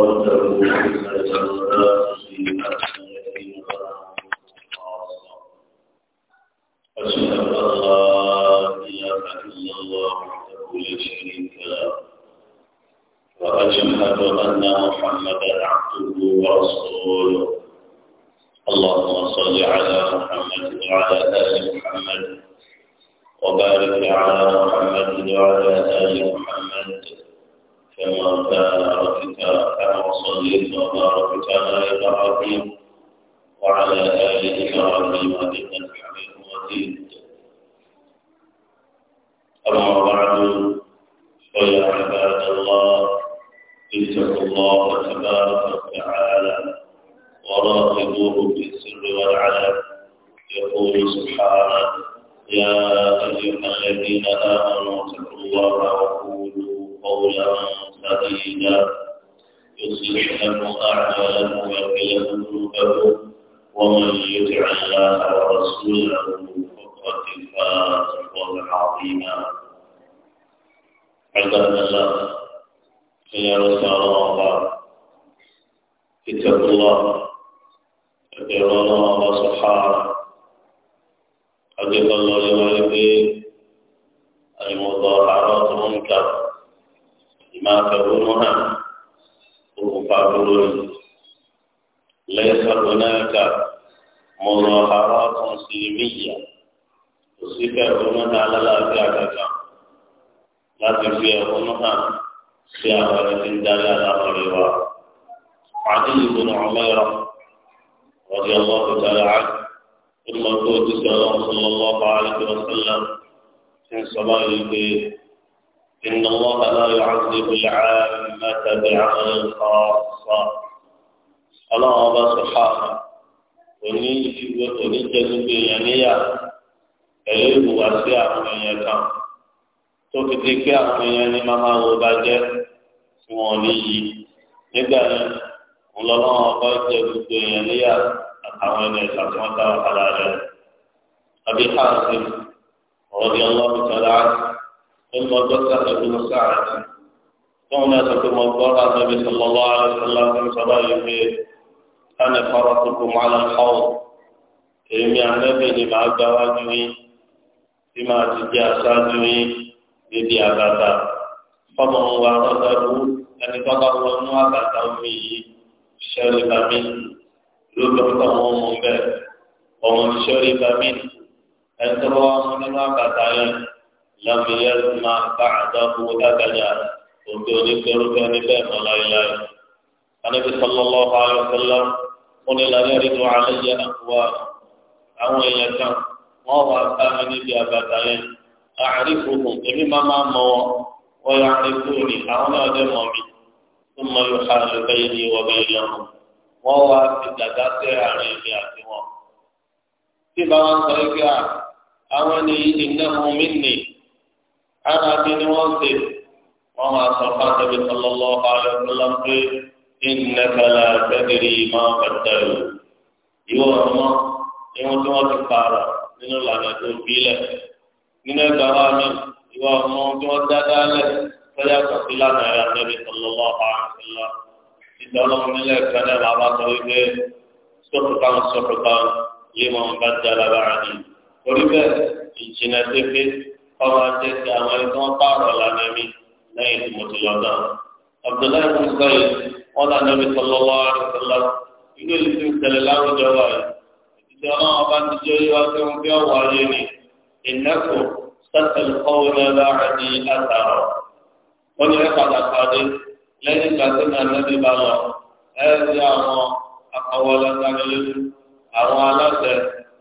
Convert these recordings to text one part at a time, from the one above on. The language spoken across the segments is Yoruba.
واتقوا ان الله الأعمال ويغفر ومن يطع ورسوله فقد فاز فوزا عظيما عباد الله يا الله اتقوا الله اتقوا الله سبحانه حقيقة الله لوالديه المظاهرات منكر لما تكونها ومفاقرون ليس هناك مظاهرات سلمية تصيب هناك على الأفعال لكن في هناك سيارة دلالة الرواء علي بن عمير رضي الله تعالى عنه ثم قلت صلى الله عليه وسلم في صلاة البيت إن الله لا يعذب العامة بعمل خاصة ọlọ́run ọba sọ̀fà òní ìfiwé òní jẹ́gbẹ́gbẹ́ èèyàn níyà pẹ̀lú ìhùwà sí àwọn èèyàn kan tó fi di pé àwọn èèyàn ní máma wo bá jẹ́ tí wọ́n ní yí nígbà yẹn ńlọ́lọ́run ọba jẹ́ gbogbo èèyàn níyà àtàwọn ẹni ẹ̀sà tí wọ́n dáwọ́ padà rẹ̀ àbí káàsì ọ̀rọ̀dì ọlọ́run nínú ọjọ́ sàkẹ́bí mọ́sáàtì tó ń lẹ́sọ̀ pé mo gbọ́ ana faratukum ala al-hawd èmi ànábì ni màá gba wájú yín tí màá ti jẹ́ aṣáájú yín níbi àbàtà fọmọ wa rọ́dọ̀dù ẹni tó bá wọnú àbàtà omi yìí ṣẹ́rí bàmí ló lọ tọ̀ wọ́n mú bẹ́ẹ̀ ọmọ ṣẹ́rí bàmí ẹni tó bá wọn nínú àbàtà yẹn lọ́mọ yẹn máa bá àdọ́kù lágbàjá òkè onígbẹ́rúgbẹ́ níbẹ̀ mọ́ láéláé. anábì sallallahu alaihi wasallam. wọn ni làwọn ẹ̀rọ àlẹ́yẹ àkùwà àwọn èèyàn kan wọn wà bá mi níbi àbàtà yẹn àrífòkùn èmi máa máa mọ wọn wọn yà àrífòkùn àwọn náà dé mi tó yóò wọn wà fi dàda sẹ́ àárín àti wọn. tí bá wọn sọ pé àwọn ni ara ni sọ fún sọlọ́lọ́ ọ̀hún innaka la tadri ma bàtàlù ìwọ ọmọ ìwọ tí wọn ti pààrọ̀ nínú ìlànà tó bílẹ̀ nínú ẹgbà wa mi ìwọ ọmọ tí wọn dáadáa lẹ sọyà kọsí lánàá ẹ̀rọ àtẹ̀bí sọlọ́lá àbáńsílá ìdánwò nílẹ̀ kẹ́lẹ́ bàbá sọ wípé sọ́kùtàn sọ́kùtàn lèmọ̀ ń bá dára bára ni torí bẹ́ẹ̀ ìjìnà tẹ́fẹ́ ọmọ ajé ti àwọn ẹni قال النبي صلى الله عليه وسلم إذا لم تكن لا وجواي إذا أنا أبان تجي وأتم في أواليني إنكم ستلقون بعدي أثرا ولعقد أحاديث lẹ́yìn ìgbà tó ní anábì bá lọ ẹ rí àwọn akọwọlọ́gbàlélójú àwọn aláṣẹ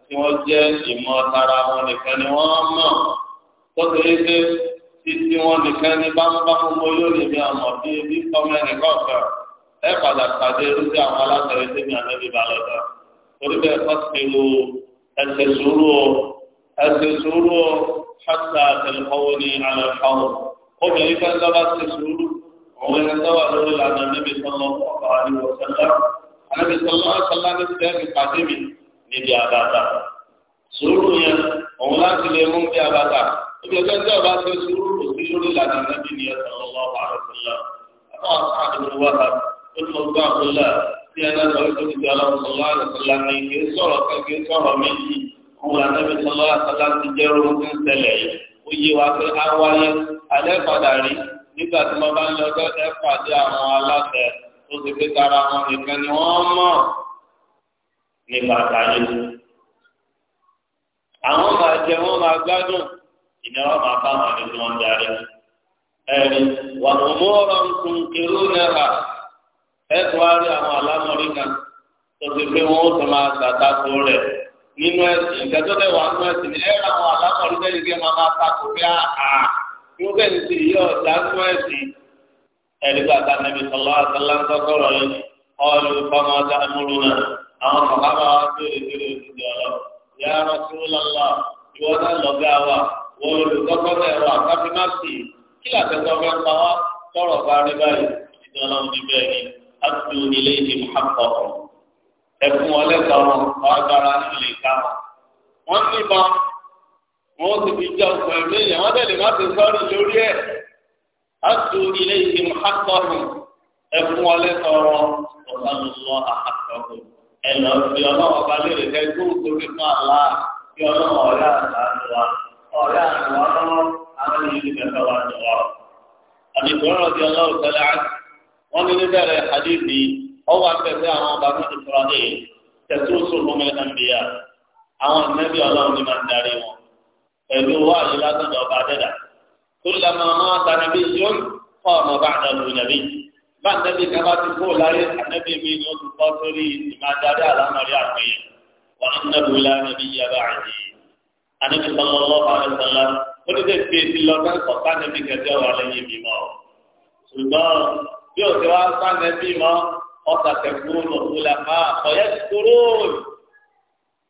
tí wọ́n jẹ́ ìmọ̀ tara wọn nìkan ni wọ́n mọ̀ tókè éké títí wọn nìkan ní bámúbámú mo yóò lè ní àmọ̀ bí ebi kọ́mọ ẹnìkan kan ẹ padà pàdé lórí àwọn alágbèrè tí mi àná bíbá lọ́dọ̀ torí bẹ́ẹ̀ fásitìlú ẹsẹ̀ sùúrù o ẹsẹ̀ sùúrù o ṣáṣà tẹlifọwọ́ ní alẹ́ fáwọn obìnrin fẹ́ sábà ṣe sùúrù òun ẹ̀ sábà lórí lànà níbi sọ́nà ọkọ̀ àdìwọ̀ sẹ́lá àdìbí sọ́nà sọ́lá ní sẹ́ẹ̀kì pàdé mi níbi àbàtà sùúrù yẹn òun láti lè mú bí àbàtà ìgbẹ́jọ́ tí ọba ṣe sùúrù sí lórí lànà olùmọ̀gbà àbúlà tí ẹ náà lọ́wọ́ tóbi tó aláwọ̀ sọ̀lá àdàsọ̀lá mi kì í sọ̀rọ̀ kan kì í sọ̀rọ̀ méjì òun làtẹ́bí sọ̀lá ti jẹ́ ohun ń yìí ó yé wa pé alẹ́ padà rí nígbà tí wọ́n bá ń lọ pàdé àwọn aláṣẹ tó ti fi tara wọn nìkan ni wọ́n mọ̀ àwọn máa jẹ wọn máa gbádùn máa bá ẹ̀tọ́ á rí àwọn alámọ̀rí kan tó ti pé wọn ó tó máa ṣàtàkùn rẹ̀ nínú ẹ̀sìn ìdájọ́ lẹ́wọ̀ àánú ẹ̀sìn ẹ̀ rà àwọn alámọ̀rí bẹ́ẹ̀ kí ẹ máa máa takò pé àà yóò bẹ́ẹ̀ ní ti yọ ọ̀dà nínú ẹ̀sìn ẹ̀rígbà tá a nẹbi sọ̀lá àtàlá ń tọ́kọ̀rọ̀ yẹn ọ̀lù fọmọ ọjà múlù náà àwọn sọ̀kábà wa béèrè béèrè òṣìṣẹ́ ọ̀rọ̀ yà á rọ́ṣú lọ́lá ìwọ náà lọ́gá wa wọ́n olùkọ́kọ́ أدوا إليهم حقهم ẹfun wọn lẹtọọ ọgbàrá nínú lè ká wọn níbọn wọn sì fi jẹ ọkọ ẹmí yẹn wọn tẹ́lẹ̀ má ti sọ̀rọ̀ lórí ẹ àtú ilé ìdìmọ àtọrọ ẹfun wọn lẹtọọ ọgbàlùsọ àtọrọ ẹlọ fi ọlọ́run bá lè rẹ fún àlá àwọn àti. wọ́n ní níbẹ̀rẹ̀ hadithi ọwọ́ akẹ́kẹ́ àwọn bàbá ìfúrani tẹ̀síwòsó fún ẹ̀ńbíyà àwọn ìnẹ́bí ọlọ́run ní máa ń darí wọn pẹ̀lú wáyé látọ̀dọ̀ ọba dẹ́dà tó lẹ́mọ máa ta nàbí yóò kọ́ ọmọ bá àdàlù nàbí bá nàbí kan bá ti kó láyé ànẹ́bí mi ni ó ti sórí ìmàdarí àlámọ̀rí àgbẹ̀yẹ wọn ní wíwá nàbí yá bá àyè ànẹ́bí sọlọ́lọ́ àlẹ́sọ̀lá ó ní tẹ̀síwèsí lọ bí o ti wá sáńdẹ bí mọ ọkà tẹkùn lòkùlà fà ọyẹ kúrò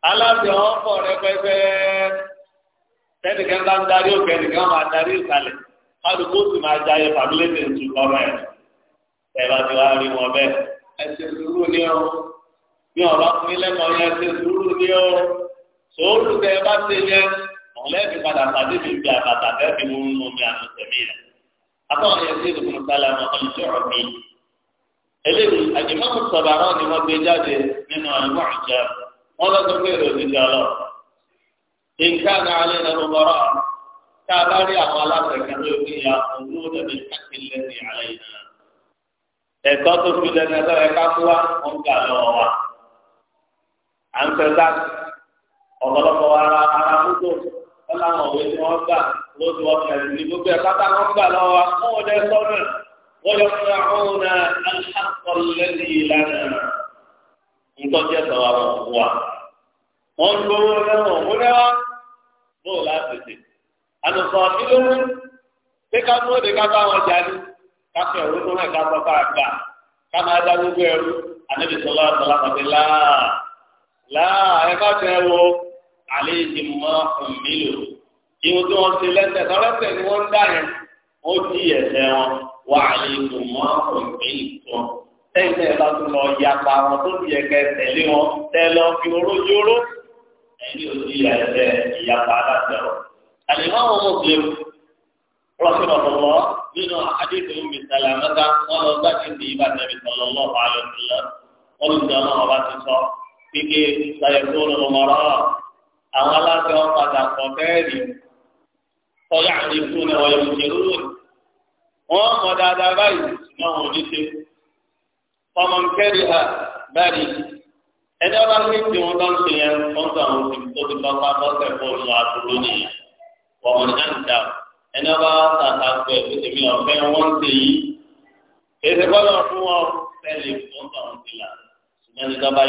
alábìọ ọkọ rẹ pẹpẹ tẹnìkan bá ń darí òkè nìkan máa darí ìsàlẹ̀ kálukú sì máa jayé fàmílẹ tẹ ń tukọ rẹ ẹ̀rọ ti wá rí wọn bẹ́ẹ̀ ẹ ṣe sùúrù ní o bí ọ̀rọ̀ fún ilé kan yẹn ṣe sùúrù ní o sòórù tẹ ẹ bá ṣe yẹn mọ̀lẹ́bí padà pàdé mi bí àbàtà bẹ́ẹ̀ bí mo ń mú mi àtúntẹ̀mí rẹ̀. àtàwọn yẹn sí ìdùnnú sálámà ọ̀nìjọ́rọ̀ mi. eléyìí àjùmọ̀mù sọ̀bàrọ̀ ni wọ́n gbé jáde nínú àlùmọ́ àjà wọn lọ́dún pé ìròyìn jà lọ. nǹkan náà alẹ́ nínú bọ́rọ̀ tá a bá rí àwọn aláṣẹ ya tó fi lẹ́nu ká fún wa gbà wa ọ̀pọ̀lọpọ̀ ara ara wọ́n ti wọ́n tẹ̀lé ní gbogbo ẹ̀ pátá wọn gbà lọ wa fún ọdẹ sọ́nà wọ́n fún ọ̀nà alákọ̀ọ́lẹ́lì ìlànà ńtọ́jú ẹ̀sọ́ wa fún wa. wọ́n ń gbowó lẹ́wọ̀n wa láti àlùfọ̀ wọn jáde tó ìwọ tí wọ́n ṣe lẹ́sẹ̀ tọ́lẹ́sẹ̀ ni wọ́n ń dá yẹn ó di ẹ̀sẹ̀ wọn wà á lè dùn mọ́ òǹkè ìtọ́ tẹ́yìn tẹ́yìn bá tún lọ ya pa wọn tó ti ẹ̀kẹ́ tẹ̀lé wọn tẹ́ lọ fi orójóró ẹ̀yìn ò sí ẹ̀sẹ̀ ìyapa aláṣẹ wọn. àlìmọ́ àwọn mùsùlùmí rọ́ṣẹ́ ọ̀pọ̀lọ́ nínú àdéhùn omi sàlámẹ́ta wọn lọ bá ti di ibà tẹ̀lé sọlọ́lọ́ àlọ́sílẹ̀ olùdáná ọba ti sọ kíkẹ́ sàyẹ̀kú ọ̀nà ọ̀rẹ́ àdínkù ni wọ́n yóò ṣe lórí wọ́n mọ̀ dáadáa báyìí ṣùgbọ́n wọn ò ní ṣe ọmọ nkẹ́rì ha báyìí ẹni ọba ní ti wọn bá ń ṣe yẹn wọn sọ àwọn òbí tó ti bá bá bọ́sẹ̀ fún ọ̀nà àdúró nìyẹn wọ́n mọ̀ náà dá ẹni ọba tàkà pé èmi ọ̀fẹ́ wọn ṣe yìí èsì bọ́lá fún wọn tẹ́lẹ̀ fún ọ̀nà òbílà ṣùgbọ́n ní dábàá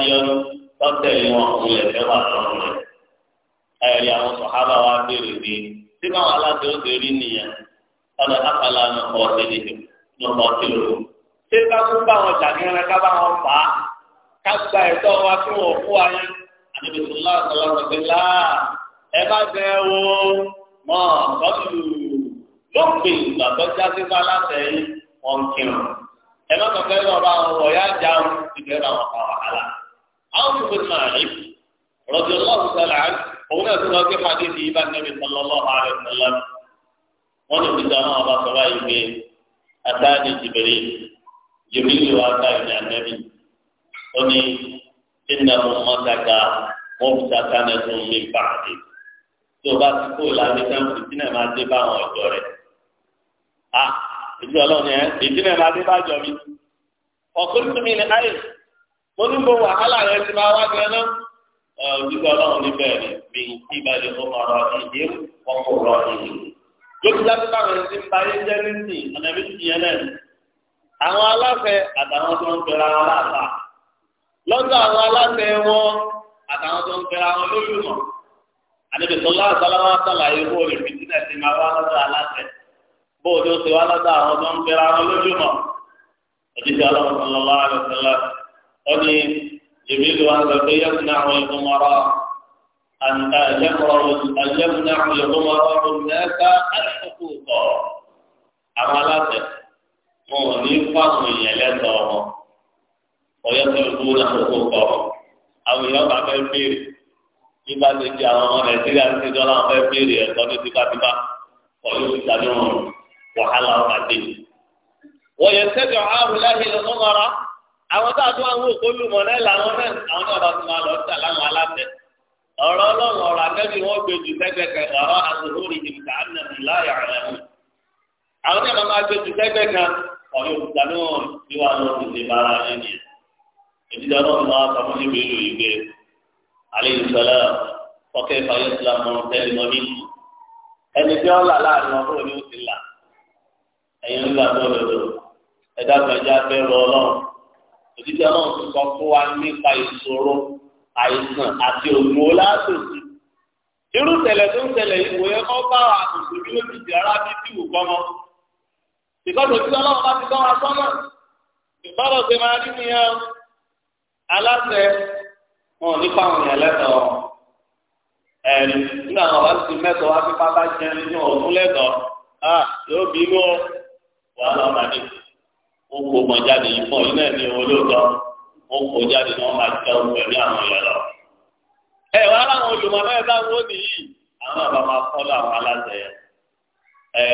yọ tí báwọn aláṣẹ ó ti rí nìyẹn ọ̀nà àpàlà nǹkan ọ̀sẹ̀ nìyẹn nǹkan ọ̀sẹ̀ lòun. ṣé ká tún bá wọn jàdíyànrẹ ká bá wọn fà á ká gba ẹ̀tọ́ wa tí wọ́n fún wa yẹn àdìbòsí láàtọ̀lá ọ̀sẹ̀ láà ẹ bá jẹ wo mọ́ ọ̀sọ́lù lópin ìgbà tó jáde bá aláṣẹ yìí wọ́n ń kírun ẹ má sọ pé lọ́ba ọ̀rọ̀ yá já ìbẹ̀rẹ̀ àwọn kàwáhálà. àwọn tó òun náà tún lọ sí hadithi ibà nẹ́bí sallallahu alaihi wasallam wọn lè fi dáná ọba sọlá yìí pé àtàdé jìbìrì jìbìrì wà á káyọ̀ ní ànẹ́bí ó ní iná mọ́tàkà mọ́tàkà náà tún lè bàjẹ́ tí o bá ti kó o láti sẹ́wọ̀n fìtínà máa dé bá àwọn ọ̀dọ́ rẹ̀ a ìdí ọlọ́run yẹn fìtínà máa dé bá jọ mi ọ̀kúntùmí ni ayé mo ní gbogbo wàhálà rẹ̀ ti máa wá gan náà òjijì ọlọ́run níbẹ̀ ni bí ìbàdí ọmọọ̀rọ̀ ìdí ọkọ̀ọ̀rọ̀ ìdí. lókè jáde báwọn ẹni tí ń parí jẹ́ nísì ọ̀nà bí tìyẹn náà ni. àwọn aláfẹ àtàwọn tó ń pera wọn láàbà lọ́dọ̀ àwọn aláfẹ wọn àtàwọn tó ń pera wọn lójúmọ̀. àdébẹ̀sọ̀lá àtàláwá sàlàyé bó rè fi sílẹ̀ sí máa wá lọ́dọ̀ aláfẹ bó o tó ṣe wá lọ́dọ̀ àwọn tó ń pera wọn lójúmọ̀. òjijì ọlọ́run جبريل وأن يمنع الأمراء أن أن يمنع الأمراء الناس الحقوق عملاته مغني فهم يلده ويطلبون حقوقه أو يضع في البيت nígbà tó di àwọn ọmọ nàìjíríà ti dọ́là wọn fẹ́ béèrè ẹ̀kọ́ ní tipátipá pẹ̀lú ìdánimọ̀ wàhálà ọ̀gá dé. wọ́n yẹ sẹ́jọ̀ ààrùn láhìlẹ̀ ọmọ ara àwọn tó àtúwà ń wò kó lù mọ̀ náà làwọn náà àwọn náà bá tún máa lọ sí àláwọn aláṣẹ ọ̀rọ̀ ọlọ́run ọ̀rọ̀ akẹ́bí wọn gbé ju sẹ́gbẹ̀kẹ̀ ọ̀rọ̀ àtúnhórí ìdìbò àmì láyà rẹ̀ mú àwọn náà máa gbé ju sẹ́gbẹ̀kẹ̀ ọ̀rọ̀ òkúta náà tí wàá lọ sí ti bára rẹ̀ ni ìdíje ọlọ́run máa sọ fún níbi ìlú ìgbé alẹ́ ìṣọlá ọkẹ́ ìfàyè ìsìlámù tẹ́lẹ̀ mọ́ nínú ẹni tí wọ́n là òtítọ́ ọlọ́run ti sọ fún wa nípa ìṣòro àìsàn àti òmùó látòsí. irú tẹ̀lẹ̀ tó ń tẹ̀lẹ̀ ìwò yẹn kọ́ bá àkùnkùn bí ó ti di ara bí tí wò kọ́ mọ́. ìkọ́jọ tí ọlọ́run bá ti tọ́ wa sọ́nà ìbọ̀rọ̀ ṣe máa rí nìyẹn aláṣẹ wọn nípa àwọn èèyàn lẹ́tọ̀ọ́ ẹ̀rí nígbà wọn bá ti mẹ́tọ̀ wá fipá bá jẹun ní ọ̀tún lẹ́tọ̀ọ́ ah, ó kó mọ jáde yìí fún ọ náà ní olóòótọ́ ó kó jáde ní wọn máa tẹ ọ pẹ̀lú àwọn ìyá lọ. ẹ wá láwọn olùmọ̀lá ẹ̀ táwọn ó nìyí àwọn àbá máa fọ́lọ́ àwọn aláṣẹ ẹ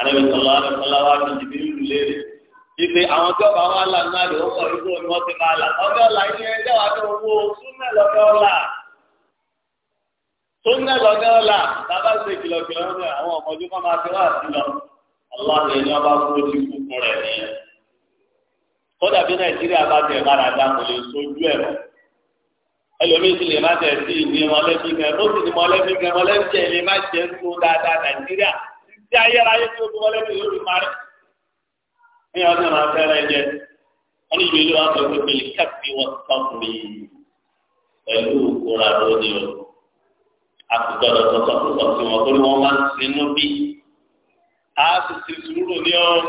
àrẹ̀mẹsọ̀lá àrẹ̀sọ̀lá wa ti dìbí ìlú léèrè ìpè àwọn tí ọba wa là náà lè ó mọ̀ ìgbó ni wọ́n ti máa là ọjọ́ ọ̀la ilé ẹjọ́ wa owó súnmẹ̀ lọ́jọ́ ọ̀la súnmẹ̀ lọ́jọ́ ọ̀la bàbá ṣe kìlọ̀kìlọ̀ ọ̀rẹ́ àwọn ọmọdé kan máa ti wá àti lọ aláàbò ẹni ọba kúrò ti kú fún rẹ̀ nìyẹn kódà bí nàìjíríà bá tẹ̀ bára dá kò lè sojú ẹ̀ mọ́ ẹlòmíì sì lè má tẹ̀ sí ìní mọ́lẹ́bí gan ó sì ní mọ́lẹ́bí gan mọ́lẹ́bí ẹ̀ lè má jẹ́ tó dáadáa nàìjíríà tí ayérayé tí ó fi mọ́lẹ́bí yóò fi parí ní ọdún náà fẹ́rẹ́ jẹ wọ́n ní ìlú wa sọ pé bẹ́ẹ̀ kápẹ́ wọ́n sọ́ọ̀mì pẹ̀lú òkúra lónìí o àtúntò lọ́sọ̀tọ̀ tó sọ̀ a sì ti sùúrù ní ọ.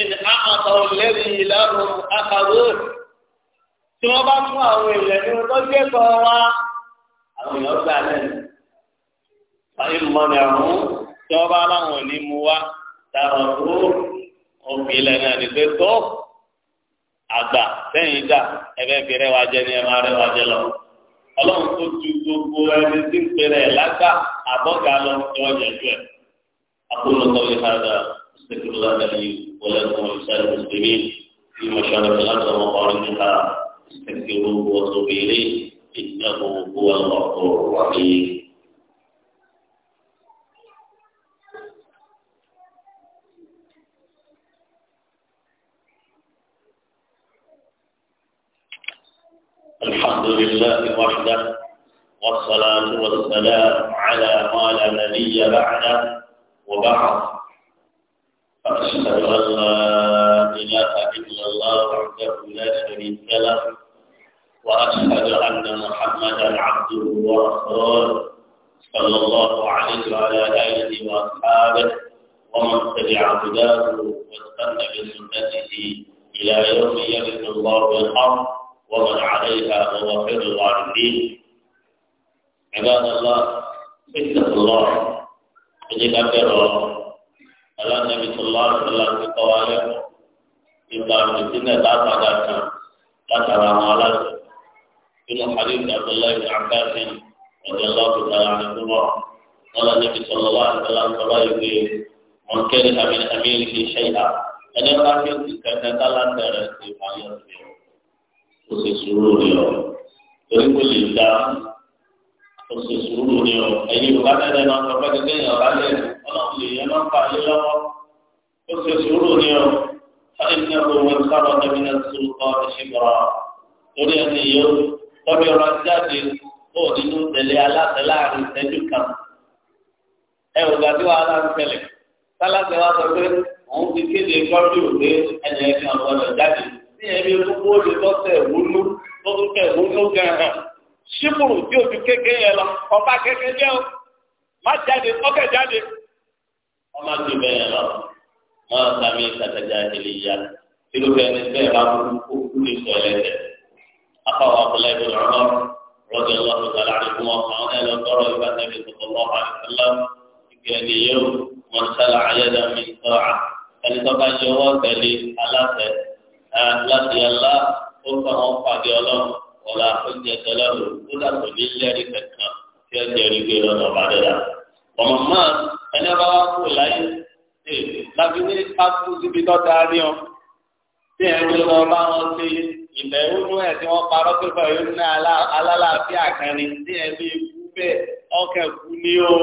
in àmọ̀tà lẹ́yìn ìlànà àkàwé tí wọ́n bá fún àwọn èèyàn ní ọjọ́ ìgbẹ́kọ̀ wa àwọn èèyàn gbà lẹ́nu. báyìí mọ ni àwọn tí wọ́n bá láwọn ní mu wá dára tó òfin lẹ́nu ẹni tó àgbà sẹ́yìn dà ẹ̀fẹ́ fi rẹwà jẹ ní ẹ̀ máa rẹwà jẹ lọ ọlọ́run tó ju gbogbo ẹni tí ń pèrè ẹ̀ lágbà àbọ̀gà lọ sí ọjà ju ẹ̀. أقول قولي هذا أستغفر الله لي ولكم ولسائر المسلمين في مشارق الأرض ومغاربها استغفروه وتوبوا إليه إنه هو الغفور الرحيم الحمد لله وحده والصلاة والسلام على ما لا نبي بعده وبعض فأشهد أن لا إله إلا الله وحده لا شريك له وأشهد أن محمدا عبده ورسوله صلى الله عليه وعلى آله وأصحابه ومن تبع هداه واستنى بسنته إلى يوم يبث الله الأرض ومن عليها ووفد الوالدين عباد الله اتقوا الله ẹjẹ dábẹ́rọ alánàbí sọlá àtàlà ti kọ́ wa lẹ́kọ̀ọ́ nípa fìtínẹ̀ lápàdà kan látara àwọn aláṣẹ nínú hadith abdullahi bin abbas ọ̀dẹ̀ lọ́ọ̀kì tààrà àdúgbò alánàbí sọlá àtàlà sọlá ìwé wọn kẹ́rì àmì àmì ìlú ṣẹ́yà ẹni bá fi ti kẹta kálá sí ìfàyà rẹ̀ o sì sùúrù rẹ̀ o oṣù sùúrù ni ọ ẹyin yorùbá tẹ́lẹ̀ náà sọ pé kékeré yẹn ọ̀rá lẹ ọlọ́run lè yẹn máa ń fà lé lọ́wọ́ oṣù sùúrù ni ọ sáyẹn ní ọkọ wọn sábà tẹbi náà sùúrù kọ ẹṣin bọrọ torí ẹni yóò tọ́bi ọ̀rọ̀ jáde ó nínú tẹ̀lé aláṣẹ láàrin ìṣẹ́jú kan ẹ ò gbàdí wàhálà ń sálàṣẹ wa sọ pé òun ti kéde kọ́ńtì òde ẹnì ẹ̀kan ọ̀gbọ́dọ̀ jáde ní ẹ̀mí gbogbo tó tún símùrù tí ojú kékeré yẹn lọ ọba kékeré jẹ́ o má jáde ọkẹ́ jáde ọmọ àti bẹ́ẹ̀ yẹn lọ mọ sami kàtàjà ìlíya irúfẹ́ ẹni bẹ́ẹ̀ bá kú kú lè sọ ẹlẹ́dẹ̀ afáwọn abúlé ìlú ọ̀rọ̀ rọ́bì ọlọ́run tó lára fún wọn àwọn ẹ̀rọ tọrọ ìgbà tẹ̀lé tó tọ̀ lọ́wọ́ àìsílá ìgbé ẹni yẹn o mọ sálà ayẹ́dá mi sọ́ra ẹni tó bá yọ ọwọ́ tẹ̀lé aláṣẹ láti yàrá ó fọ àwọn pàdé ọlọ́run ọ̀la ọ̀jẹ̀ tọ́lá lò ó dàtọ̀ ní lẹ́rí kankan tí ó jẹ́ rí gbé lọ́nà ọ̀bà dọ́là. ọ̀mọ̀ máa ẹni bá wá kú láyé ṣe láti ní pásítọ̀ síbi tọ́ta rí ọ tí ẹ ń lọ bá wọn ṣe ìbẹ̀ ònú ẹ̀ tí wọ́n parọ́ pé báyìí ní alálàáfíà kan ni ẹ lè kú bẹ́ẹ̀ ọkẹ́ kú ní o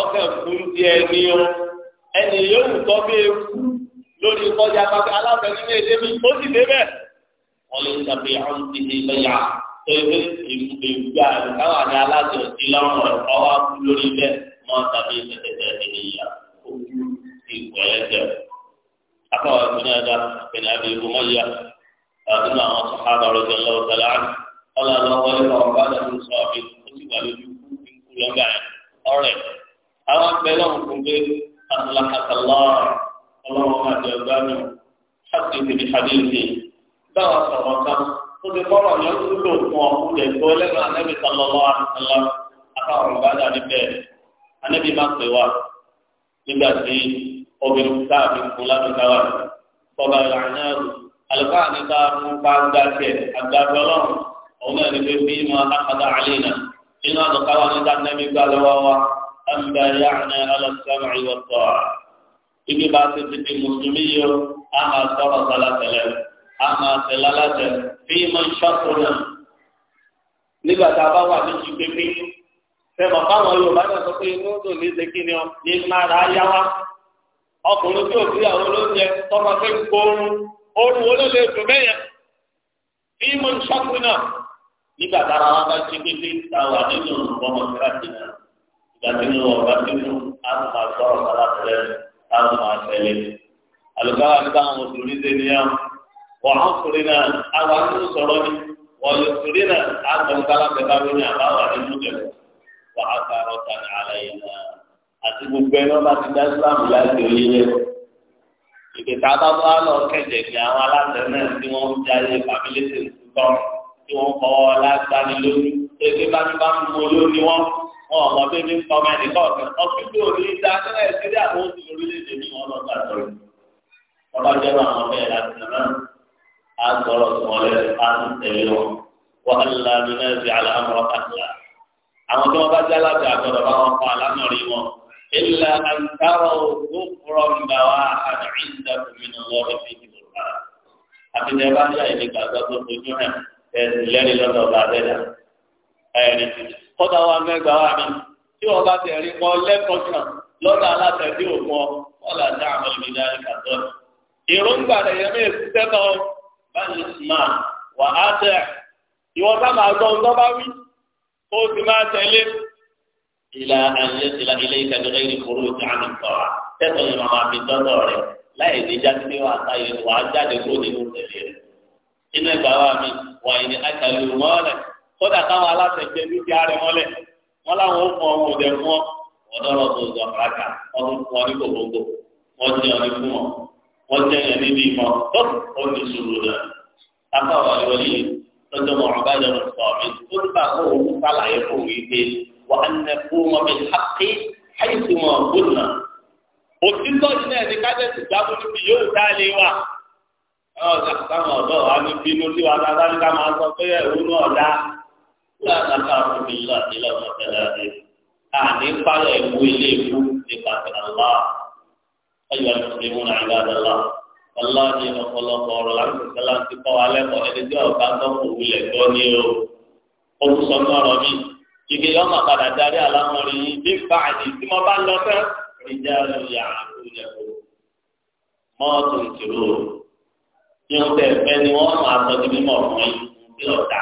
ọkẹ́ kú ti ẹ ní o ẹnì yóò tọ́ bí eku lórí kọjá alábẹ́ni ní èdè mi ó sì débẹ̀. وليس بعنفه بيعة tẹ̀lé ìgbà káwá ní aláṣẹ òsì lọ́rùn rẹ̀ ọwọ́ kú lórí ilẹ̀ mọ́ tàbí tẹ̀tẹ̀tẹ̀ ènìyàn ojú ìgbọ̀ ẹ̀jẹ̀. Akọ̀wé ìpínlẹ̀ Ẹ̀dá ìpínlẹ̀ Ẹ̀dá ìlú Mọ́yà àdúrà àwọn sọ̀hábà rẹ̀ jẹ́ lọ́wọ́ tẹ̀lé àná. Ọlá lọ wọlé lọ bá dàbí sọ àbí ó sì wà lójú kú kí n kú lọ́gà yẹn. Ọ̀rẹ́ àwọn bẹ́ẹ̀ lọ́rùn kún pé àtàlàkàtà lọ́rùn ọlọ́run àti ọ̀gá mi báwọn sọ̀rọ̀ kan tó ti kọ́rọ̀ yẹn tó lò fún ọkú lè tó lẹ́nu anábì sọlọ́lọ́ àtàlọ́ àtàwọn ọ̀gá dàbí bẹ́ẹ̀ anábì má pè wá nígbà tí obìnrin káàbí fún lábẹ́ká wà bọ́ba ìlànà àlùfáà ní ká mú bá gbàgbẹ́ àgbàdo ọlọ́run òun náà ní pé bí mo àkàdá àlè náà inú àdùká wa ní dánábì gbà lọ́wọ́ wa ẹnbẹ yàrá alásùlámù ìwọ̀sọ̀ ibi bá ti ti di mùsùlùmí yìí a máa tẹ̀lé aláṣẹ bí mọ ìṣọ́kù náà nígbà tá a bá wà níjú pépé fẹ́mọ̀ báwọn Yorùbá náà sọ pé inú tó ní ṣe kí ni ọ ní mára yá wá ọkùnrin tí ò sí àwọn olóúnjẹ tọ́mọ fẹ́ gbóòórùn oorun olóòlè ètò bẹ́yẹn bí mọ ìṣọ́kù náà nígbà tára wa bá ṣe pépé tá a wà nínú ọmọ kíláàsì náà ìgbà tí mo wọ̀ bá nínú àwọn àgbọ̀rọ̀ alábẹ̀rẹ̀ àwọn àtẹ̀lẹ̀ àlùkáwà àwọn òṣèlú wọ́n sori náà àwọn anú sọ̀rọ̀ ni wọ́n lè sori náà agbọ̀nkálá pẹ̀lú àwọn ènìyàn àbáwọ̀ nínú rẹ̀ wọ́n á ka ọ̀tá ní alẹ́ yìí náà àti gbogbo ẹni ọba ti dá sílámù láti òye rẹ̀ ìgbésẹ̀ abáwọ̀ alọ̀ kẹ̀jẹ̀ ní àwọn aláṣẹ náà tí wọ́n ń jáde fàmílì sí ìtúkọ́ tí wọ́n kọ́ lágbani lórí ẹgbẹ́ bá ti bá ń mú olórí wọn wọn ọmọ bébí ń pọmọ ẹnì kọ̀ọ̀kan ọ̀fíìsì òní ìdá agbọrọ sọmọlẹ àti tẹlẹ wọn wọn ala nínú ẹsẹ alamọrọ kàtà àwọn tí wọn bá jẹ alájà àgbọrọ bá wọn kọ alámọrí wọn ilà àǹtarọ òkúrọ mbàwá àdìríńdà fúnmínú lọrọ fíjì lọrọ àti tẹ bá ní àyè nígbà tó tó fojú hàn ẹsìn lẹrìí ọba àbẹdà ẹrin kọta wa mẹgbà wa mi tí wọn bá tẹrí mọ lẹkọọ kan lọ́dọ̀ alátẹbí òkun ọ wọn là dá àwọn ìgbìyànjú kàtọ èròǹgbà rẹ yẹn mẹ tẹtọ báyìí sùnmà wà á tẹ̀ ìwọ sábà gbọ́ ń tọ́ba wí ó sì máa tẹ̀lé ìlà àyè ìlà ilé ìkàdúrà ìlú kúrò ìtààmì sọ̀rọ̀ tẹ̀sán ni màmá fi tọ́tọ̀ rẹ̀ láì ní jáde pé wàá táyé wàá jáde kúrò nínú tẹ̀lé rẹ̀ inú ìgbà wa mi wà ní àkàlù mọ́lẹ̀ kódà táwọn alátẹ̀jẹ́ dúkìá rẹ̀ mọ́lẹ̀ wọn làwọn ó fún ọmọ òde fún ọ ọ̀dọ́ ọ̀dọ́ ọ̀dọ́ ọ̀dọ́ ọ̀dọ́ ọ̀dọ́ ọ̀dọ́ ọ̀dọ́ ọ̀dọ́ ọ̀dọ́ wọ́n jẹ́ yẹn níbi ìmọ̀ tó ó ní sùúrù náà afa wà lórí lọ́jọ́ mọ̀ ọ̀gá ìjọba sọ̀rọ̀ ó ní báko òun sálàyé fún mi pé wà á nẹ fún wọn bí hàkí àìsí wọn gbóná òtítọ́ yìí náà ní kájẹ́sì jábọ̀ níbi yóò dá ilé wa ọ̀sán ọ̀dọ́ wa ní bínú tí wàá dáadáa ní ká máa sọ pé ẹ̀rú náà dá wúlò àtàkà fún mi lọ́ọ̀dí lọ́sọ̀tẹ̀lẹ̀ rẹ̀ àní pààrọ̀ ẹ̀kú أيها المسلمون عباد الله والله ni ọ̀pọ̀lọpọ̀ ọ̀rọ̀ láti sẹ́lá ti kọ́ alẹ́ kọ́ ẹni tí ọ̀gá tọ́kù wulẹ̀ gbọ́ ní o ó tún sọ lọ́rọ̀ mi ìgbé yọ ọmọ padà darí àlámọ́ rí yín bí báyìí tí mo bá lọ fẹ́ ìjà ló yà á kú lẹ̀ o mọ́ọ̀tù ìṣòro o ní o tẹ̀ fẹ́ ni wọ́n máa sọ ní mímọ̀ fún yín bí ọ̀tá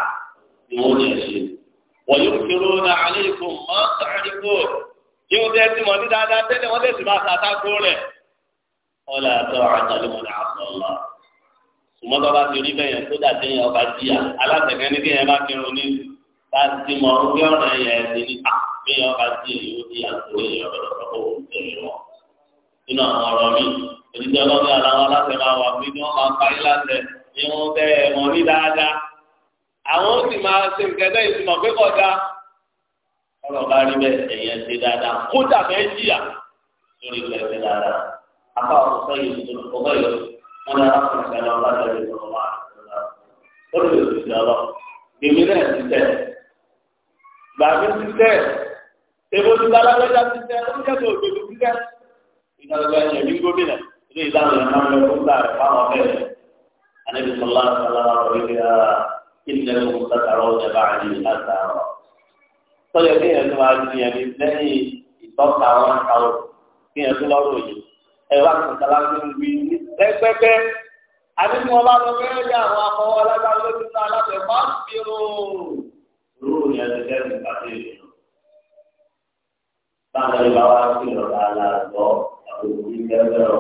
ni wọ́n ní ẹ̀ṣẹ̀ wọ́n yóò kéré náà alẹ́ ìfọ̀ mọ́ọ̀tù àdìgbò ọlá àtọ àjọlùmọ ní àtọlá ṣùgbọ́n bàbá ti rí bẹyẹ tó dàtí yẹn ọba jíyà alátẹkẹ ní kéèyàn bá kírun ní láti mọ orí ọ̀nà ẹ̀yà ẹ̀sìn ní àbíyàn ọba jíyà yóò di àtúwò èèyàn lọ́dọ̀ tó tẹ̀lé wọn. nínú àwọn ọ̀rọ̀ mi òjijì ọlọ́dún aláwọ̀ aláṣẹ máa wà pé kí wọ́n máa parí láṣẹ ni wọ́n bẹ ẹ̀wọ̀n rí dáadáa àwọn sì máa ṣe nǹkan bẹ́ẹ̀ ìtumọ̀ pé kọjá ọlọ́ba rí bẹ́ẹ̀ ẹ̀yẹn ṣe dáadáa kódà bẹ́ẹ̀ jìyà lórí ìgbà ẹ̀ṣẹ̀ dáadáa. أخاه سيد بن حضير ولا رحمة على الرجل صلى الله عليه وسلم قل الإجابة بمنى الستات بعد الستات Èwo ti dára lọ́jà ti tẹ oníkẹ́tọ̀ òṣèlú kíkẹ́. Ìdàgbà ẹ̀yẹ̀ ní gómìnà ilé ìdáhùn ẹ̀ máa ń lọ fún sáré fáwọn bẹ́ẹ̀. Ànábi sọ̀lá sọ̀lá ọ̀rẹ́ bí a kí ni ẹ̀rọ ń sàkàrọ̀ ọ̀jẹ̀ bá àyè látàrọ̀. Sọ́yọ̀ kí ẹ̀sùn máa di ẹni lẹ́yìn ìtọ́ka wọn kàwọ́ kí ẹ̀sùn lọ́rọ̀ yìí ẹ̀rọ àkàtàlà tó ń wí ní pẹ́pẹ́pẹ́ àbí tí wọ́n bá lọ fẹ́ẹ́ rí àwọn akọwọ́ alágbára lójú náà alábẹ̀ má fi rò rúrò yẹn ti dẹ́rù pàdé ìlú. báwo ni bàbá fi rọ̀ dáadáa lọ àbòkù ìgbẹ́fẹ́ rọ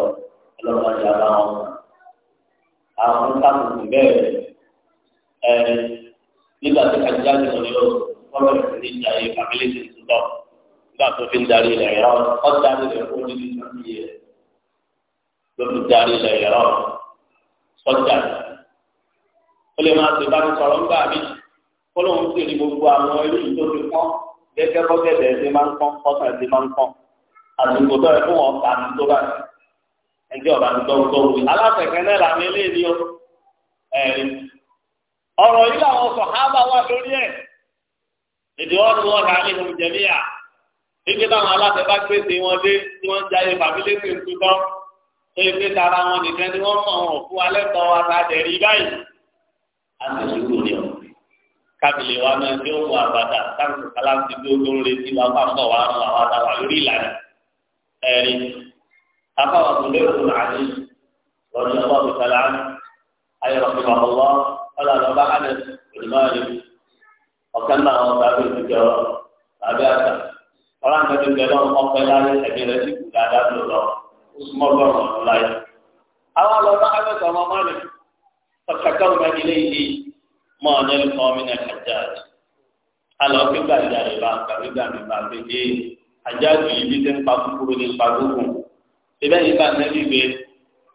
ọlọ́mọdé àbáwọn mọ̀. àwọn sábùkù bẹ́ẹ̀ ẹ̀ nígbà tí kàdíjà ti wọlé o fọlọ́ ìfẹ́ ìjà yìí kàmílẹ̀ ti tutọ́ nígbà tó fi ń darí rẹ̀ rọ ọ́ darí rẹ̀ fún tó fi darí ilẹ̀ yẹrọ sọ́jà ó lè máa ṣe báni sọ̀rọ̀ ńgbà mí kó lóun sì rí gbogbo àwọn eléyìí tó fi pọ́n gẹ́gẹ́ bọ́gẹ̀dẹ̀ ẹ̀sìn máa ń pọ́n kọ́sàn ẹ̀sìn máa ń pọ́n àsìkò tó ẹ̀ fún wọn kà ní tó báyìí ẹjọ́ ọ̀bà ní tọ́wọ́tọ́wọ́ yìí alákẹ̀kẹ́ náà làwọn eléyìí o ẹ̀rí ọ̀rọ̀ yìí làwọn sọ̀hábà wà lórí ẹ̀ èdè ọ̀rùn wọn rà ìhùn jẹ̀míà nígbà táwọn aláṣẹ bá gbèsè wọn dé tí wọ́n ń fàmílẹ́sì ń tutọ́ pépé tara wọn nìkan ni wọ́n mọ̀ wọn fún alẹ́ tọ́ wa ta dẹ̀ rí báyìí. àti sùkúrù ni ọ kábìlì wa náà tí ó wọ àbàdà táwọn aláǹtí tó tó ń retí wa bá bọ̀ wá lọ àwọn àtàwọn lórí ìlànà ẹ̀rí. àbáwọn kò lérò láàyè lọ́dún ọgbà òkúta ayọ̀rọ̀ fi wà lọ́wọ́ ọlọ́dún ọba hànẹ́ ìdùnnú ọ̀kan náà wọn tàbí ìdíjọ tàbí àgbà ọlọ́dún ọdún bẹ̀rẹ̀ ọ̀pẹ láyé ẹ̀mí rẹ̀ sì kú dáadáa lọ ọsùnmọ́gbọ́n láyé. àwọn ọlọ́mọ ẹgbẹ́ta ọmọ mọ́lẹ̀ ọ̀kàkàwé náà ilé yìí mọ́ ọ̀nà ẹ̀kọ́ mi náà kàjáàjì. alọ́ gbígbà ìjà rẹ̀ bá gbàgbígbà mi bá fi dé àjáàjì yìí bí tẹ́ ń pa kúkúrú ní pa gbógun. ibẹ̀ yìí bá nẹ́bí gbé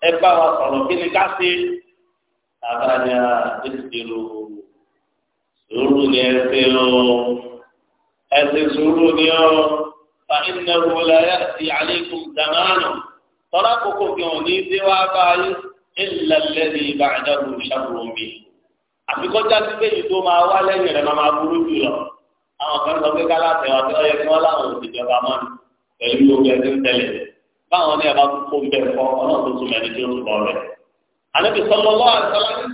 ẹ bá wa sọ̀rọ̀ kí ni ká ṣe. àbájá ìṣirò sùúrù ni ẹ ṣe o ẹ ṣe sùúrù ni ọ fa innahu la ya'ti alaykum zamanu tọ́lá kókó kí wọn ní dé wá báyìí illa alladhi ba'dahu sharrun bi. àfikọ́ jáde péjì tó máa wá lẹ́yìn rẹ̀ máa burú jù lọ. àwọn kan sọ pé kálá tẹ̀wá tí wọ́n yẹ kí wọ́n láwọn òṣèjọba mọ́ pẹ̀lú gbogbo ẹni tẹ́lẹ̀. báwọn ní ẹ̀bá kókó ń bẹ̀ fọ́ ọlọ́run tó tún mẹ́rin tí ó tún bọ̀ rẹ̀. àlejò sallallahu alaihi wasallam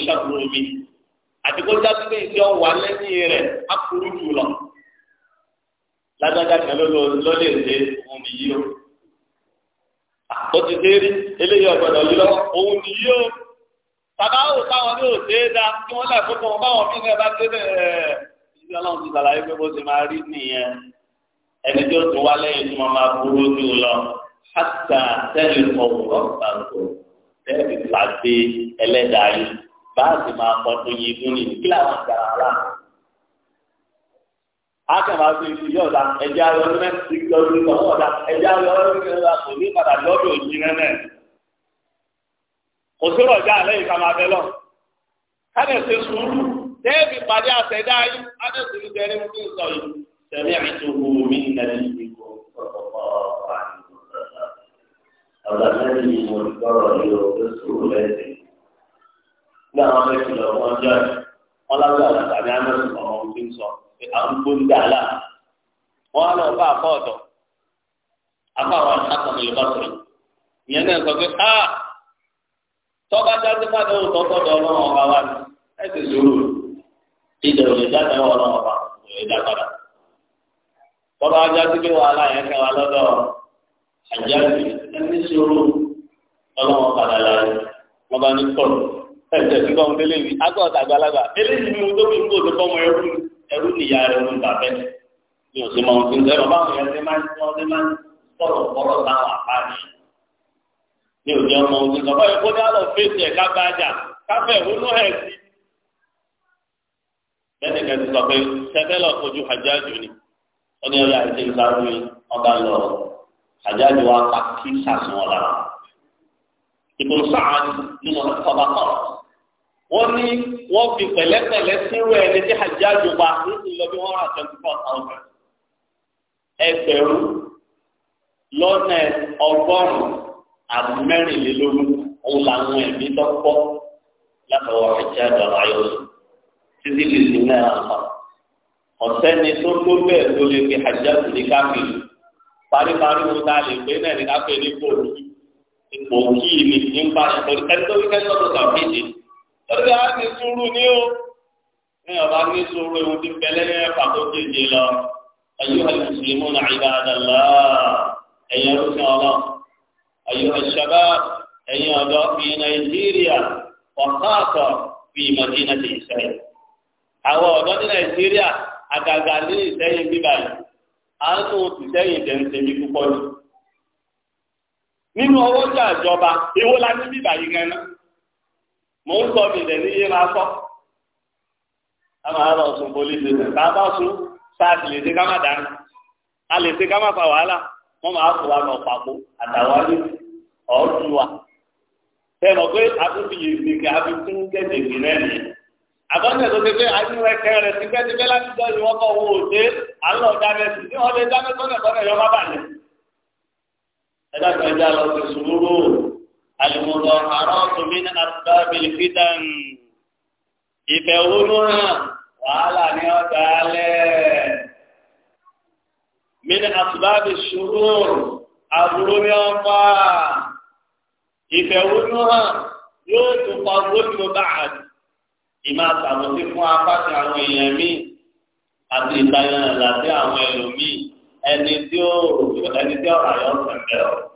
sọ̀rọ̀ àti kó dábìlẹ̀ ìdí ọ̀wà lẹ́yìn rẹ̀ á kúrú jù lọ. lágbájá kan ló ló lè ṣe òun nìyí o. Ah, ó ti dé rí eléyìí ọ̀gbọ̀dọ̀ yìí lọ́wọ́ òun nìyí o. bàbá ò táwọn ní òde é dáa kí wọ́n lè fún wọn báwọn fún ẹ bá dé ẹ̀ ìdí ọlọ́run ti sàlàyé pé bó ṣe máa rí nìyẹn ẹni tí tún wá lẹ́yìn tí wọ́n máa burú jù lọ hàtà tẹ́lifọ̀ọ̀ báàsì máa kọ́ tó yin fún ni kí làwọn ìjà ara akẹ́wàá fi fi yọ̀ ọ̀dà ẹ̀jẹ̀ ayọ̀ ọdún mẹ́ta ti gbọ́ orí kan ọ̀dà ẹ̀jẹ̀ ayọ̀ ọdún mẹ́ta kò ní padà lọ́dọ̀ òjì rẹ̀ Ha kò sí rọ̀jà alẹ́ yìí ká máa bẹ lọ. kádẹ́sì sùúrù déèbì pàdé àtẹ̀dá yìí kádẹ́sì ní bẹ̀rẹ̀ mú kí yìí tẹ̀lé àìsàn owó mi nà ní ìgbìkọ̀ ọ̀pọ̀ ọ̀pọ̀ àti ọ̀dà bí àwọn ọmọ ìṣẹ̀lẹ̀ ọmọ ọjọ́ rẹ wọn lábẹ́ àlàkà ní amẹsùn ọmọ ọmọ fi ń sọ pé àwọn gbóńdé àlà wọn á lọ bá àpá ọ̀dọ̀ àpá àwọn àtàkùn ìlú bàtìrì ìyẹn náà sọ pé a tọ́ba jáde bá dẹ́wò tọ́tọ́dọ̀ ọlọ́run ọba wa ni ẹ ti sòrò ìdẹ̀rù ìdáná ọlọ́run ọba ìdàgbàdà tọ́ba jáde pé wàhálà yẹn kẹwàá lọ́dọ̀ àjáde ẹni sòrò ọlọ́run ọba dàlàyé wọn bá ní kọ́ọ̀tù ẹ̀jẹ̀ tí wọ́n délé yìí agbọ́dọ̀ àgbàlagbà eléyìí ni mo tó fi ń bò tó fọ́mọ ẹrú ẹrú nìyá rẹ̀ ló ń bà bẹ́ẹ̀ mi ò sì mọ ohun tí ń sẹ́ bàbá àwọn yẹn ti máa ń sọ ti máa ń sọ̀rọ̀ kọ́rọ̀ táwọn àpáàdé mi ò jẹ́ ọmọ ohun tí ń sọ báyìí kó ní àlọ́ fèsì ẹ̀ kápẹ́ ajá kápẹ́ ìwúlò ẹ̀ sí. bẹ́ẹ̀ni kẹ́ ti sọ pé sẹ́fẹ́ lọ fojú ni ó ní ọ̀rẹ́ àti ìsáré ọba lọ hajjájú wa pa kí sàsùn ọ̀la. ìbùsọ̀ àti nínú ọ̀rẹ́ wọ́n ní wọ́n fi pẹ̀lẹ́pẹ̀lẹ́ sírò ẹni tí àjájò bá nítorí lọ bí wọ́n rà twenty four thousand ẹgbẹ̀rún lọ́nà ọgọ́rùn-ún àti mẹ́rìnlélógún òun làwọn ẹ̀mí dọ́pọ̀ látọwọ́ ẹ̀jẹ̀ àdàrà yóò títí lè ní náírà kan ọ̀sẹ́ ni tó tó bẹ́ẹ̀ tó lè fi àjájò ní káfíìn paríparí mo ta lè gbé náà ní káfíìn ní kóòtù ipò kíì ní nípa ìtọ́jú ẹ̀tọ́ lọ́dọ̀ á ti sùúrù ní o ní ọba ní sùúrù ewu ti bẹ̀lẹ́ ní ẹ̀fà tó lọ ayélujára na náà ìdá àdàlá ẹ̀yẹ rúṣin ọlọ́ ayélujára ṣẹba ẹ̀yẹ ọ̀dọ́ fi nàìjíríà ọ̀káàtọ̀ fi mọ̀dínà ti àwọn ní nàìjíríà àgàgà ní bíbá yìí ń tún púpọ̀ nínú ọwọ́ la ní bíbá yìí gan náà. mo ń sọ mi ìdẹ̀ níyé ma sọ a máa lọ lè ṣe ká a lè ṣe ká má fa wàhálà máa wa lọ wa pé náà nìyẹn tó pé ẹ̀kẹ́ rẹ̀ ti fẹ́ المظاهرات من أسباب الفتن يفهمونها وعلى نيوتالي من أسباب الشرور أظلم الله يفهمونها يوسف الظلم بعد إما تعرفون أفاك عن يمين àti ìtayọ̀ àti àwọn ẹlòmíì ẹni tí ó ẹni tí ọ̀rọ̀ ayọ̀ ń ọ̀.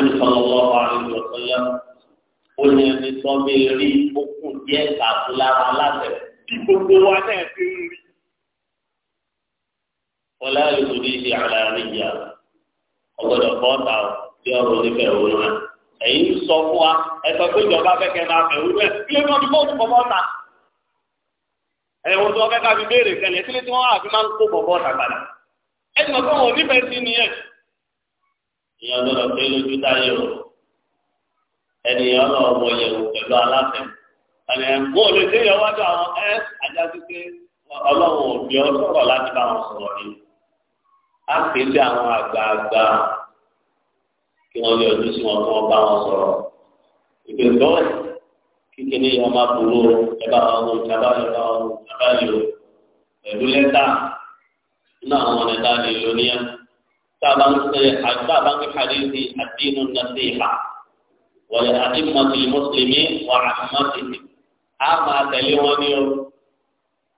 النبي صلى الله عليه وسلم قل ان صبري وكن ديتا لا لا تبقوا وانا تري ولا يريد على رجال ọgbọdọ bọta bí ọ̀rọ̀ onífẹ òun náà ẹ̀yin sọ fún wa ẹsọ pé ìjọba fẹkẹ máa fẹ òun náà kí ló ní ọdún bọ́ọ̀lù bọ́ bọ́ta ẹ̀wọ̀n tí wọ́n fẹ́ ká fi béèrè kẹlẹ̀ kí ló tí wọ́n wà fi máa ń kó bọ́ bọ́ta padà ẹ̀sìn ọ̀gbọ́n wọn onífẹ̀ẹ́ sí nìyẹn ìyẹn gbọ́dọ̀ pé lójú táyé o ènìyàn lọ wọ yẹ̀wò pẹ̀lú aláfẹ ẹnì mú olè tí yẹn wájú àwọn ẹ ajásí pé Ọlọ́run ò bí ọ sọ̀rọ̀ láti bá wọn sọ̀rọ̀ ni á pè sí àwọn àgbààgbà kí wọn lè ojú sí wọn kí wọn bá wọn sọ̀rọ̀ ìgbésọ kíkéde yìí máa burú ẹ bá wọn wò ìjàmbá yìí wọn wò ìjàmbá yìí o pẹ̀lú lẹ́tà nínú àwọn ọ̀nà ìdánilóníyàn. تابعنا حديث الدين النصيحة ولأئمة المسلمين وعامتهم أما تلوني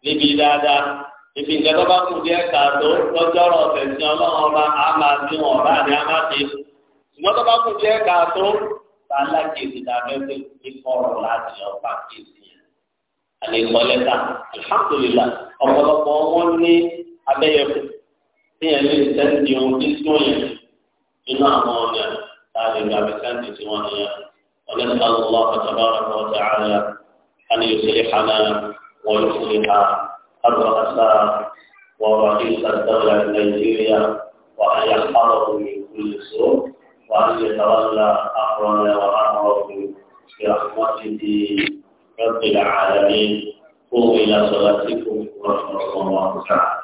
níbi dáadáa níbi nǹkan tó bá kù díẹ̀ kàtó lọ́jọ́rọ̀ ọ̀sẹ̀ tí ọlọ́run ọba á máa bí wọn ọ̀rá ni á máa ṣe ṣùgbọ́n tó bá kù díẹ̀ kàtó bá alákèsì dàbẹ́fẹ́ kíkọ́rọ̀ láti ọ̀pá kéèsì yẹn. àlè kọ́ lẹ́tà ọ̀pọ̀lọpọ̀ wọn ní abẹ́yẹfù téèyàn lè sẹ́ńtì ohun tí sún yẹn nínú àwọn ọ̀nà tá a lè gbà fi sẹ́ńtì tí wọ́n nìyẹn. ونسأل الله تبارك وتعالى أن يصلحنا ويصلح الرؤساء ورئيس الدولة النيجيريا وأن يحفظه من كل سوء وأن يتولى أمرنا وأمره برحمته رب العالمين قوموا إلى صلاتكم ورحمة الله تعالى